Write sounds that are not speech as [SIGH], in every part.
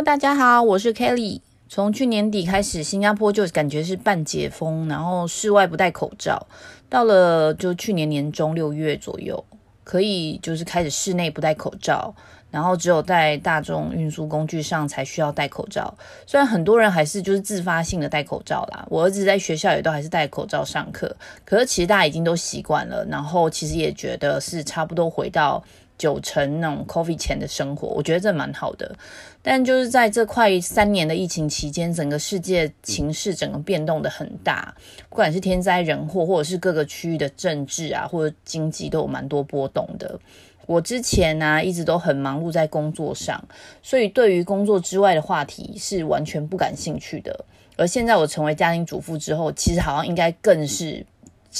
Hello, 大家好，我是 Kelly。從去年底開始，新加坡就感覺是半解封，然後室外不戴口罩。到了就去年年中六月左右，可以就是開始室內不戴口罩，然後只有在大眾運輸工具上才需要戴口罩。雖然很多人還是就是自發性的戴口罩啦，我兒子在學校也都還是戴口罩上課。可是其實大家已經都習慣了，然後其實也覺得是差不多回到。九成那種 COVID 前的生活，我覺得這蠻好的。但就是在這快三年的疫情期間，整個世界情勢整個變動的很大，不管是天災人禍，或者是各個區域的政治啊，或者經濟都有蠻多波動的。我之前呢、啊、一直都很忙碌在工作上，所以對於工作之外的話題是完全不感興趣的。而現在我成為家庭主婦之後，其實好像應該更是。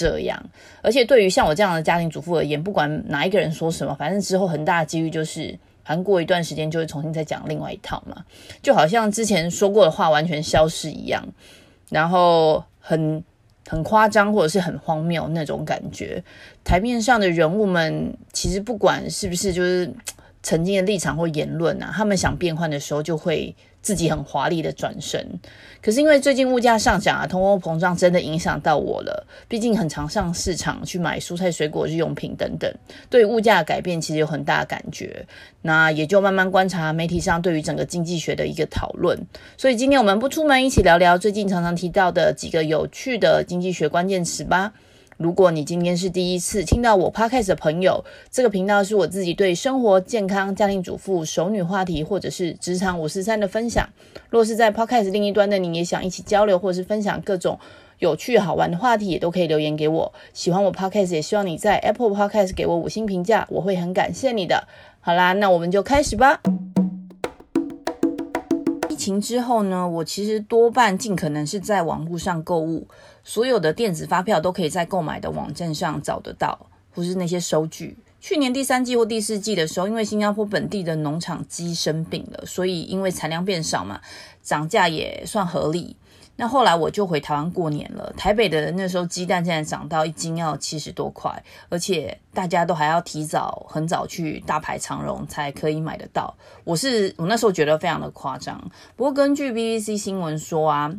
這樣，而且對於像我這樣的家庭主婦而言，不管哪一個人說什麼，反正之後很大的幾率，就是反正過一段時間就會重新再講另外一套嘛，就好像之前說過的話完全消失一樣，然後很很誇張或者是很荒謬那種感覺。台面上的人物們，其實不管是不是就是曾經的立場或言論啊，他們想變換的時候就會。自己很華麗的轉身，可是因為最近物價上漲啊，通貨膨脹真的影響到我了。畢竟很常上市場去買蔬菜、水果、日用品等等，對物價的改變其實有很大的感覺。那也就慢慢觀察媒體上對於整個經濟學的一個討論。所以今天我們不出門，一起聊聊最近常常提到的幾個有趣的經濟學關鍵詞吧。如果你今天是第一次聽到我 Podcast 的朋友，這個頻道是我自己對生活、健康、家庭主婦、熟女話題，或者是職場、五四三的分享。若是在 Podcast 另一端的你，也想一起交流，或是分享各種有趣好玩的話題，也都可以留言給我。喜歡我 Podcast，也希望你在 Apple Podcast 給我五星評價，我會很感謝你的。好啦，那我們就開始吧。之後呢，我其實多半盡可能是在網絡上購物，所有的電子發票都可以在購買的網站上找得到，或是那些收據。去年第三季或第四季的時候，因為新加坡本地的農場雞生病了，所以因為產量變少嘛，漲價也算合理。那後來我就回臺灣過年了。台北的那時候雞蛋現在漲到一斤要七十多塊，而且大家都還要提早很早去大排長龍才可以買得到。我是我那時候覺得非常的誇張。不過根據 BBC 新聞說啊，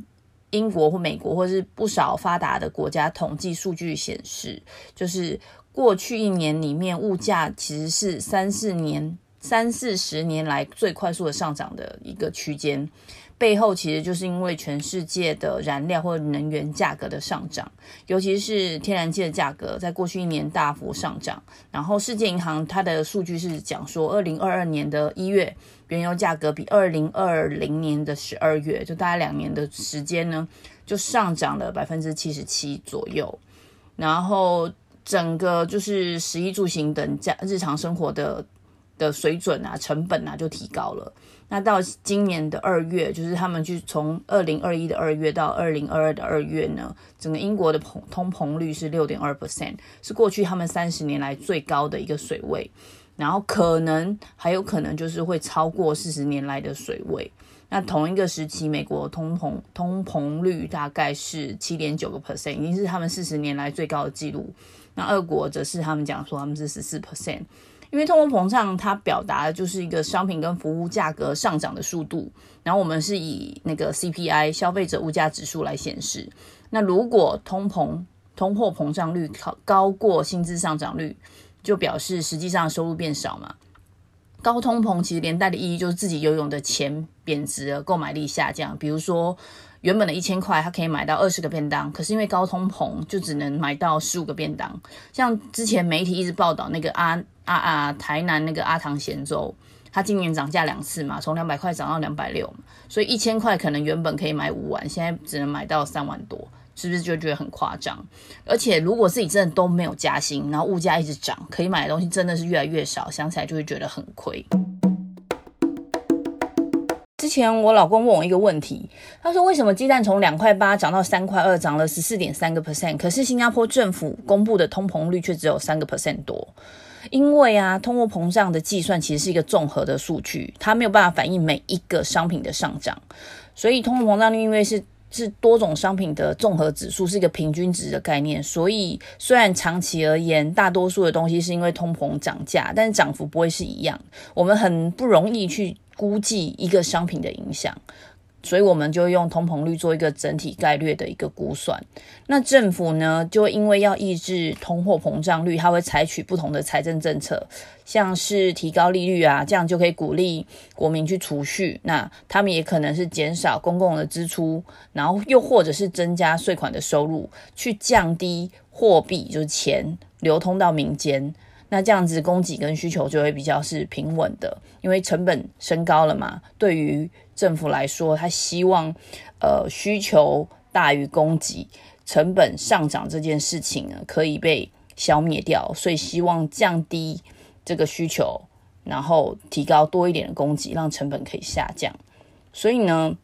英國或美國或是不少發達的國家統計數據顯示，就是過去一年裡面物價其實是三四年、三四十年來最快速的上漲的一個區間。背後其實就是因為全世界的燃料或能源價格的上漲，尤其是天然氣的價格在過去一年大幅上漲。然後世界銀行它的數據是講說，二零二二年的一月原油價格比二零二零年的十二月，就大概兩年的時間呢，就上漲了百分之七十七左右。然後整個就是食衣住行等價日常生活的的水準啊，成本啊就提高了。那到今年的二月，就是他們就從二零二一的二月到二零二二的二月呢，整個英國的通膨率是六點二 percent，是過去他們三十年來最高的一個水位，然後可能還有可能就是會超過四十年來的水位。那同一個時期，美國通膨通膨率大概是七點九個 percent，已經是他們四十年來最高的紀錄。那俄國則是他們講說他們是十四 percent。因為通貨膨脹，它表達的就是一個商品跟服務價格上漲的速度。然後我們是以那個 CPI 消費者物價指數來顯示。那如果通膨通貨膨脹率高高過薪資上漲率，就表示實際上收入變少嘛。高通膨其實連帶的意義就是自己游泳的錢貶值，購買力下降。比如說原本的一千塊，它可以買到二十個便當，可是因為高通膨，就只能買到十五個便當。像之前媒體一直報道那個阿、啊。啊啊！台南那個阿唐鹹粥，它今年漲價兩次嘛，從兩百塊漲到兩百六，所以一千塊可能原本可以買五萬，現在只能買到三萬多，是不是就覺得很誇張？而且如果自己真的都沒有加薪，然後物價一直漲，可以買的東西真的是越來越少，想起來就會覺得很虧。之前我老公問我一個問題，他說，為什麼雞蛋從兩塊八漲到三塊二，漲了十四點三個 percent，可是新加坡政府公布的通膨率卻只有三個 percent 多。因為啊，通貨膨脹的計算其實是一個綜合的數據，它沒有辦法反映每一個商品的上漲。所以，通貨膨脹率因為是是多種商品的綜合指數，是一個平均值的概念。所以，雖然長期而言，大多數的東西是因為通膨漲價，但是漲幅不會是一樣。我們很不容易去估計一個商品的影響。所以我們就用通膨率做一個整體概略的一個估算。那政府呢，就因為要抑制通貨膨脹率，它會採取不同的財政政策，像是提高利率啊，這樣就可以鼓勵國民去儲蓄。那他們也可能是減少公共的支出，然後又或者是增加稅款的收入，去降低貨幣，就是錢，流通到民間。那這樣子供給跟需求就會比較是平穩的，因為成本升高了嘛，對於，政府來說，他希望，呃，需求大於供給，成本上漲這件事情呢，可以被消滅掉，所以希望降低這個需求，然後提高多一點的供給，讓成本可以下降。所以呢，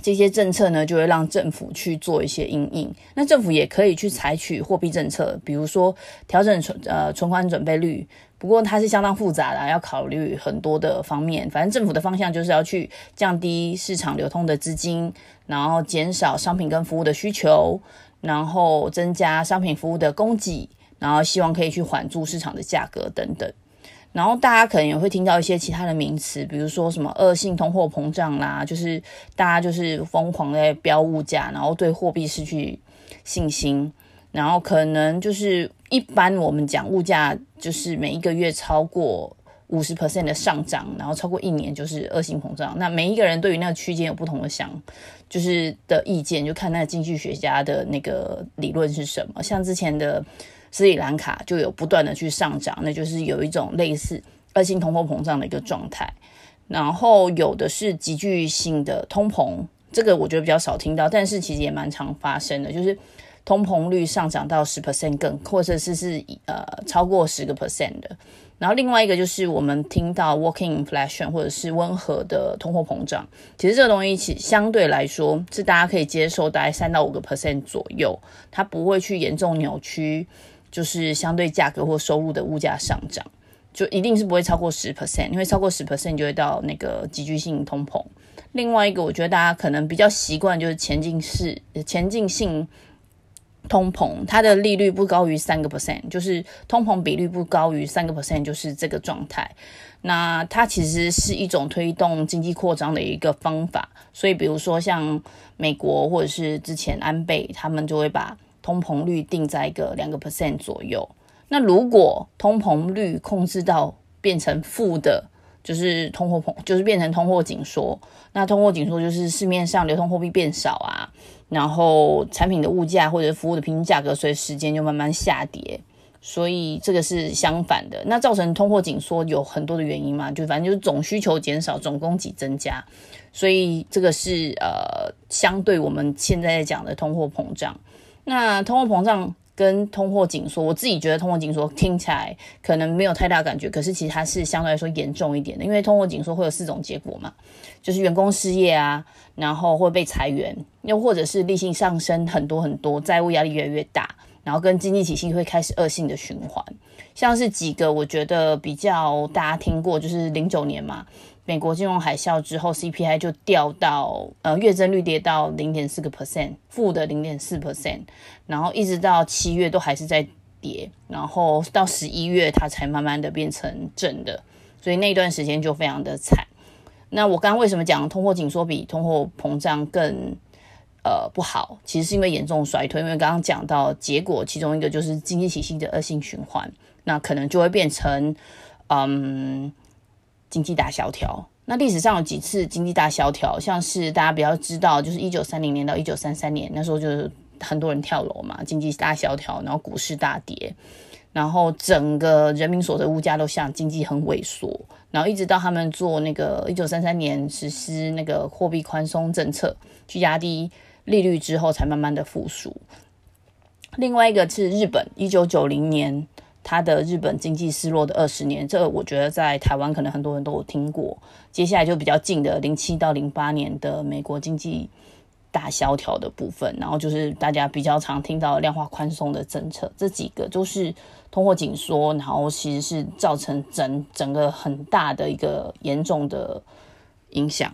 這些政策呢，就會讓政府去做一些因應。那政府也可以去採取貨幣政策，比如說，調整存呃存款準備率。不過它是相當複雜的，要考慮很多的方面。反正政府的方向就是要去降低市場流通的資金，然後減少商品跟服務的需求，然後增加商品服務的供給，然後希望可以去緩住市場的價格等等。然後大家可能也會聽到一些其他的名詞，比如說什麼惡性通貨膨脹啦，就是大家就是瘋狂的飆物價，然後對貨幣失去信心，然後可能就是。一般我們講物價，就是每一個月超過五十 percent 的上漲，然後超過一年就是惡性膨脹。那每一個人對於那個區間有不同的想，就是的意見，就看那個經濟學家的那個理論是什麼。像之前的斯里蘭卡就有不斷的去上漲，那就是有一種類似惡性通貨膨脹的一個狀態。然後有的是急劇性的通膨，這個我覺得比較少聽到，但是其實也蠻常發生的，就是。通膨率上漲到十 percent 更，或者是是呃超過十個 percent 的。然後另外一個就是我們聽到 walking inflation 或者是溫和的通貨膨脹，其實這個東西其相對來說是大家可以接受，大概三到五個 percent 左右，它不會去嚴重扭曲，就是相對價格或收入的物價上漲，就一定是不會超過十 percent，因為超過十 percent 就會到那個急劇性通膨。另外一個，我覺得大家可能比較習慣就是前進式、前進性。通膨，它的利率不高於三個 percent，就是通膨比率不高於三個 percent，就是這個狀態。那它其實是一種推動經濟擴張的一個方法。所以，比如說像美國或者是之前安倍，他們就會把通膨率定在一個兩個 percent 左右。那如果通膨率控制到變成負的，就是通貨膨，就是變成通貨緊縮。那通貨緊縮就是市面上流通貨幣變少啊。然後產品的物價或者服務的平均價格隨時間就慢慢下跌，所以這個是相反的。那造成通貨緊縮有很多的原因嘛，就反正就是總需求減少，總供給增加，所以這個是呃相對我們現在在講的通貨膨脹。那通貨膨脹。跟通貨緊縮，我自己覺得通貨緊縮聽起來可能沒有太大感覺，可是其實它是相對來說嚴重一點的，因為通貨緊縮會有四種結果嘛，就是員工失業啊，然後會被裁員，又或者是利息上升很多很多，債務壓力越來越大，然後跟經濟體系會開始惡性的循環。像是幾個我覺得比較大家聽過，就是零九年嘛。美國金融海嘯之後，CPI 就掉到呃，月增率跌到零點四個 percent，負的零點四 percent，然後一直到七月都還是在跌，然後到十一月它才慢慢的變成正的，所以那段時間就非常的慘。那我剛剛為什麼講通貨緊縮比通貨膨脹更呃不好？其實是因為嚴重衰退，因為剛剛講到結果其中一個就是經濟體系的惡性循環，那可能就會變成嗯。經濟大蕭條，那歷史上有幾次經濟大蕭條，像是大家比較知道，就是一九三零年到一九三三年，那時候就是很多人跳樓嘛，經濟大蕭條，然後股市大跌，然後整個人民所得物價都向經濟很萎縮，然後一直到他們做那個一九三三年實施那個貨幣寬鬆政策，去壓低利率之後，才慢慢的復甦。另外一個是日本，一九九零年。他的日本經濟失落的二十年，這個、我覺得在台灣可能很多人都有聽過。接下來就比較近的零七到零八年的美國經濟大蕭條的部分，然後就是大家比較常聽到量化寬鬆的政策，這幾個就是通貨緊縮，然後其實是造成整整個很大的一個嚴重的影響。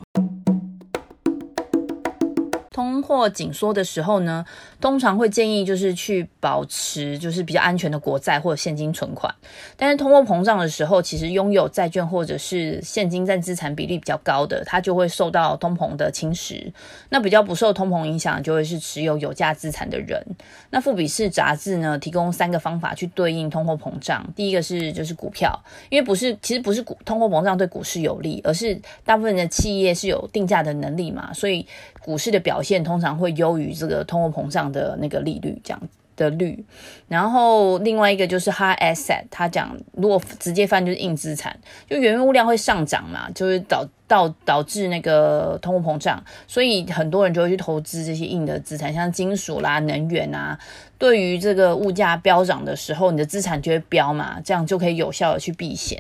通貨緊縮的時候呢，通常會建議就是去保持就是比較安全的國債或者現金存款。但是通貨膨脹的時候，其實擁有債券或者是現金占資產比例比較高的，它就會受到通膨的侵蝕。那比較不受通膨影響，就會是持有有價資產的人。那富比士雜誌呢，提供三個方法去對應通貨膨脹。第一個是就是股票，因為不是其實不是股，通貨膨脹對股市有利，而是大部分的企業是有定價的能力嘛，所以股市的表現。現通常會優於這個通貨膨脹的那個利率，這樣的率。然後另外一個就是 hard asset，它講如果直接翻就是硬資產，就原物料會上漲嘛，就是導導導致那個通貨膨脹，所以很多人就會去投資這些硬的資產，像金屬啦、啊、能源啊。對於這個物價飆漲的時候，你的資產就會飆嘛，這樣就可以有效的去避險。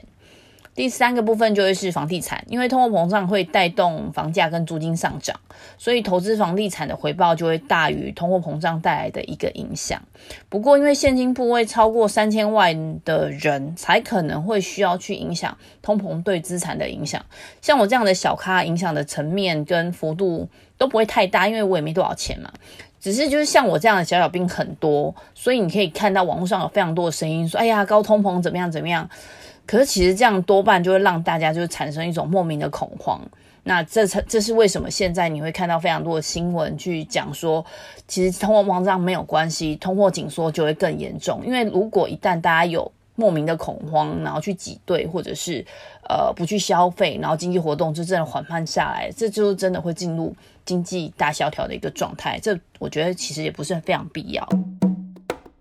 第三個部分就會是房地產，因為通貨膨脹會帶動房價跟租金上漲，所以投資房地產的回報就會大於通貨膨脹帶來的一個影響。不過，因為現金部位超過三千萬的人才可能會需要去影響通膨對資產的影響，像我這樣的小咖影響的層面跟幅度都不會太大，因為我也沒多少錢嘛。只是就是像我這樣的小小兵很多，所以你可以看到網絡上有非常多的聲音說，哎呀，高通膨怎麼樣怎麼樣，可是其實這樣多半就會讓大家就產生一種莫名的恐慌。那這才，這是為什麼現在你會看到非常多的新聞去講說，其實通貨膨脹沒有關係，通貨緊縮就會更嚴重，因為如果一旦大家有。莫名的恐慌，然後去擠兌，或者是呃不去消費，然後經濟活動就真的緩慢下來，這就真的會進入經濟大蕭條的一個狀態。這我覺得其實也不是非常必要。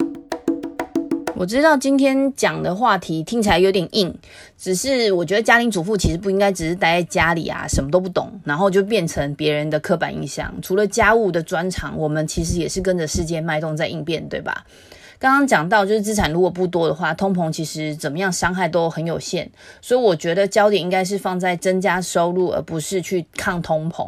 [NOISE] 我知道今天講的話題聽起來有點硬，只是我覺得家庭主婦其實不應該只是待在家裡啊，什麼都不懂，然後就變成別人的刻板印象。除了家務的專長，我們其實也是跟着世界脈動在應變，對吧？剛剛講到，就是資產如果不多的話，通膨其實怎麼樣傷害都很有限，所以我覺得焦點應該是放在增加收入，而不是去抗通膨。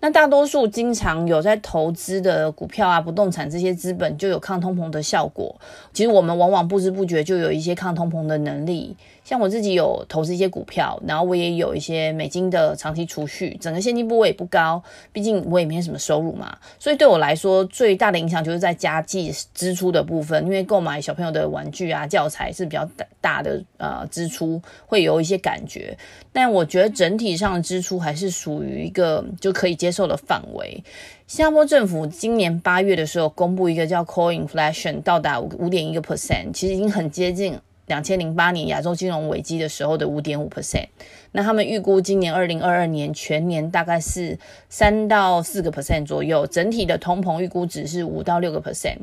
那大多數經常有在投資的股票啊、不動產這些資本，就有抗通膨的效果。其實我們往往不知不覺就有一些抗通膨的能力。像我自己有投資一些股票，然後我也有一些美金的長期儲蓄，整個現金部位也不高，畢竟我也沒什麼收入嘛。所以對我來說，最大的影響就是在家計支出的部分。因為購買小朋友的玩具啊、教材是比較大大的呃支出，會有一些感覺。但我覺得整體上的支出還是屬於一個就可以接受的範圍。新加坡政府今年八月的時候公布一個叫 Core Inflation，到達五五點一個 percent，其實已經很接近，兩千零八年亞洲金融危機的時候的五點五 percent，那他們預估今年二零二二年全年大概是三到四個 percent 左右，整體的通膨預估值是五到六個 percent。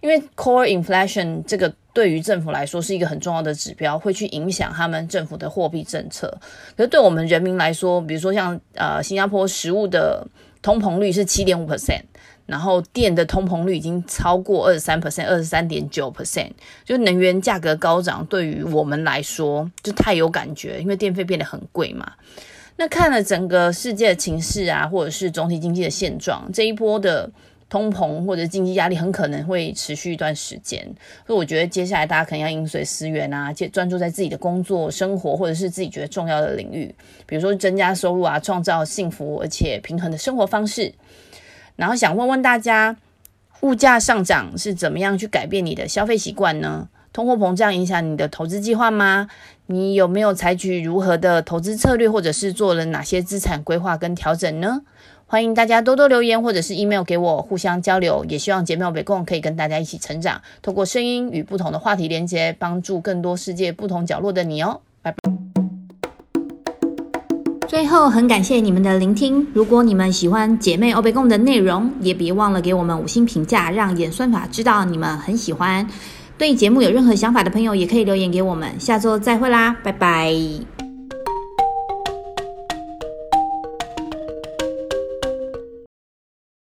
因為 core inflation 這個對於政府來說是一個很重要的指標，會去影響他們政府的貨幣政策。可是對我們人民來說，比如說像呃新加坡食物的，通膨率是七點五 percent，然後電的通膨率已經超過二十三 percent，二十三點九 percent，就能源價格高漲，對於我們來說就太有感覺，因為電費變得很貴嘛。那看了整個世界的情勢啊，或者是總體經濟的現狀，這一波的。通膨或者經濟壓力很可能會持續一段時間，所以我覺得接下來大家可能要飲水思源啊，專注在自己的工作、生活或者是自己覺得重要的領域，比如說增加收入啊，創造幸福而且平衡的生活方式。然後想問問大家，物價上漲是怎麼樣去改變你的消費習慣呢？通貨膨脹影響你的投資計劃嗎？你有沒有採取如何的投資策略，或者是做了哪些資產規劃跟調整呢？歡迎大家多多留言或者是 email 給我，互相交流。也希望姐妹歐北共可以跟大家一起成長，透過聲音與不同的話題連接，幫助更多世界不同角落的你哦。拜拜。最後，很感謝你們的聆聽。如果你們喜歡姐妹歐北共的內容，也別忘了給我們五星評價，讓演算法知道你們很喜歡。對節目有任何想法的朋友，也可以留言給我們。下周再會啦，拜拜。